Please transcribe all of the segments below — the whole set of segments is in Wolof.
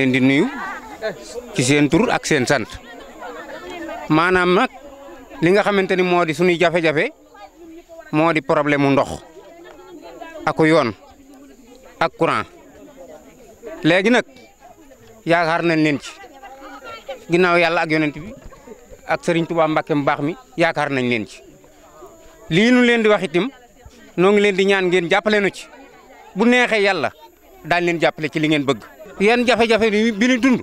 leen di nuyu ci sen tour ak sen sant manam nak li nga xamanteni modi suñu di jafé jafe-jafe di problème ndox ak yoon ak courant léegi ya yaakaar nañ len ci ginnaaw yalla ak yonent bi ak Serigne Touba Mbacke mbax baax mi yaakaar nañ len ci li ñu len di wax itim no ngi len di ñaan ngeen nu ci bu nexé yalla len ci li ngeen bëgg yan jafe-jafe bi ni dund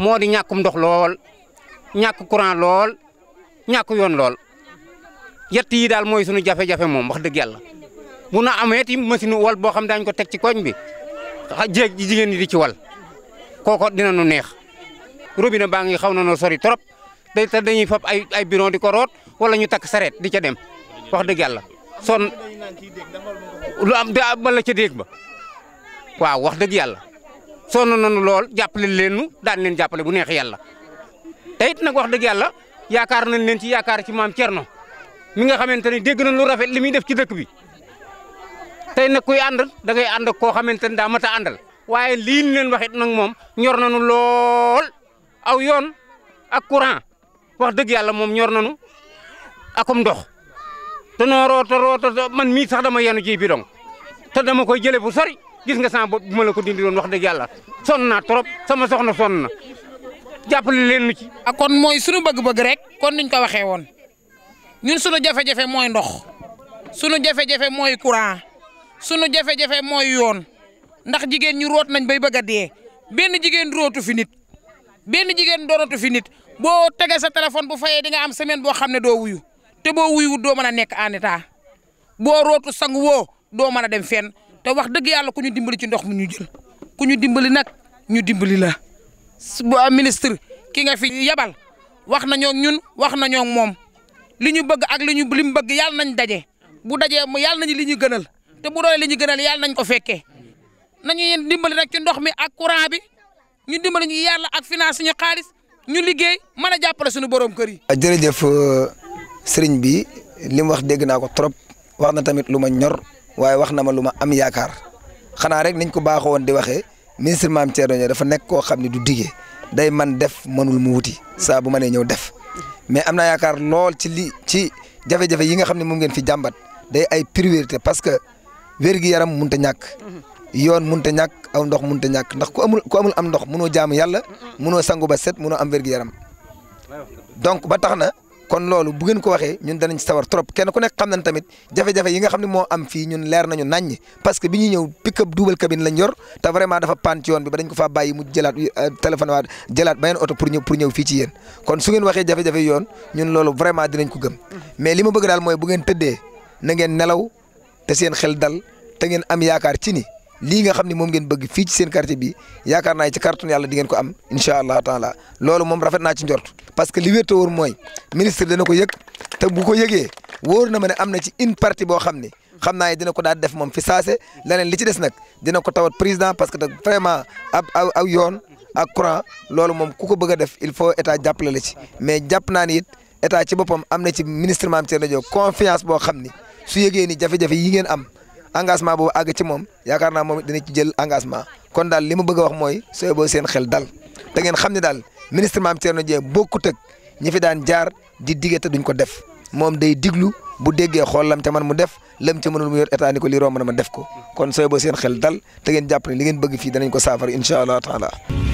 modi ñakum dox lol ñak lol, courant lol, ñak yoon lol yett yi dal moy suñu jafe-jafe mom wax deug yalla bu na amé ti machine wal bo xam dañ ko tek ci koñ bi ji jigen ñi di ci wal koko dina nu neex robinet baa ngi xaw na sori torop day ta dañuy fop ay ay bureau di ko rot wala ñu tak saret di ca dem wax deug yalla son lu am da la ci deg ba waaw wax deug yalla sonu nañu lol jappale leen nu daan leen jàppale bu neex yalla te it nag wax deug yalla yaakar nañ leen ci yaakar ci mam cierno mi nga xamanteni ne nañ lu rafet limi def ci dekk bi tay nak kuy ànd da ngay and ko xamanteni da mata andal waye li ñu leen waxit nak mom ñor nañu lol aw yoon ak courant wax deug yalla mom ñor nañu akum ndox te no roto roto man mi sax dama yenu bi dong te dama koy jele bu sori. gis nga sama bopp bu ma la ko dindi doon wax dëgg yàlla sonn naa trop sama soxna sonn na jàppale leen ci. ak ah, kon mooy sunu bëgg-bëgg rek kon niñ ko waxee woon ñun sunu jafe-jafe mooy ndox sunu jafe-jafe mooy courant sunu jafe-jafe mooy yoon ndax jigéen ñi root nañ bay bëgg a dee benn jigéen rootu fi nit benn jigéen doonatu fi nit boo tege sa téléphone bu fayee di nga am semaine boo xam ne doo wuyu te boo wuyuwut doo mën a nekk en état boo rootu sang woo doo mën a dem fenn te wax dëgg yalla ku ñu dimbali ci ndox mu ñu jël ku ñu dimbali nak ñu dimbali la bu ah, ministre ki nga fi yabal wax ak ñun wax nañoo moom li ñu bëgg ak li ñu li bëgg yalla nañ daje bu dajé mu yalla nañ li ñu gënal te bu doole li ñu gënal yalla nañ ko féké nañu dimbali nag ci ndox mi ak courant bi ñu dimbali ñu yalla ak finance ñu xaaliss ñu liggéey mëna jappalé suñu borom kër yi. jërëjëf euh, sëriñ bi lim wax dégg na ko trop wax na tamit luma ñor. waaye wax na ma lu ma am yaakaar xanaa rek niñ ko baaxoo woon di waxee ministre Mame Thierno Dieng dafa nekk koo xam ne du digee day man def mënul mu wuti saa bu ma ñëw def mais am na yaakaar lool ci li ci jafe-jafe yi nga xam ne moom ngeen fi jàmbat day ay priorité parce que wér yaram mun ta ñàkk yoon mun ta ñàkk aw ndox mun a ñàkk ndax ku amul ku amul am ndox mënoo jaamu yàlla mënoo sangu ba set mënoo am wér yaram donc ba tax na kon lolu bu ngeen ko waxee ñun ci sawar trop kenn ku nek xam nañ tamit jafe-jafe yi nga xamni mo am fi ñun lér nañu nañ parce que biñu pick-up double cabine lañ yor ta vraiment dafa pan ci yoon bi ba dañ ko fa bayyi mu jëlat euh, téléphone wa jëlat bayen auto pour ñëw pour ñëw fi ci yeen kon su ngeen waxee jafe-jafe yoon ñun lolu vraiment dinañ ko gëm mais lima bëgg dal moy bu ngeen tëddee na ngeen nelaw te seen xel dal te ngeen am yaakar ci ni lii nga xam ne moom ngeen bëgg fii ci seen quartier bi yaakaar naa ci carton yàlla di ngeen ko am incha allah taala loolu moom rafet naa ci njort parce que li wér te wóor mooy ministre dana ko yëg te bu ko yëgee wóor na ma ne am na ci une partie boo xam ne xam naa ne dina ko daal def moom fi saase leneen li ci des nag dina ko tawat président parce que te vraiment ab yoon a courant loolu moom ku ko bëgg a def il faut état jàppale la ci mais jàpp naa ni it état ci boppam am na ci ministre Mame Thierno boo xam ni su yëgee ni jafe yi ngeen am. engagement boobu àgg ci moom yaakaar naa moom dina ci jël engagement kon daal li ma bëgg wax mooy sooy boo seen xel dal te ngeen xam ne daal ministre Mame Thierno Dieng bokkut ak ñi fi daan jaar di dige te duñ ko def moom day diglu bu déggee xool lam te man mu def lam ca mënul mu yor état ni ko li romb na ma def ko kon sooy boo seen xel dal te ngeen jàpp ne li ngeen bëgg fii danañ ko saafara incha allah taala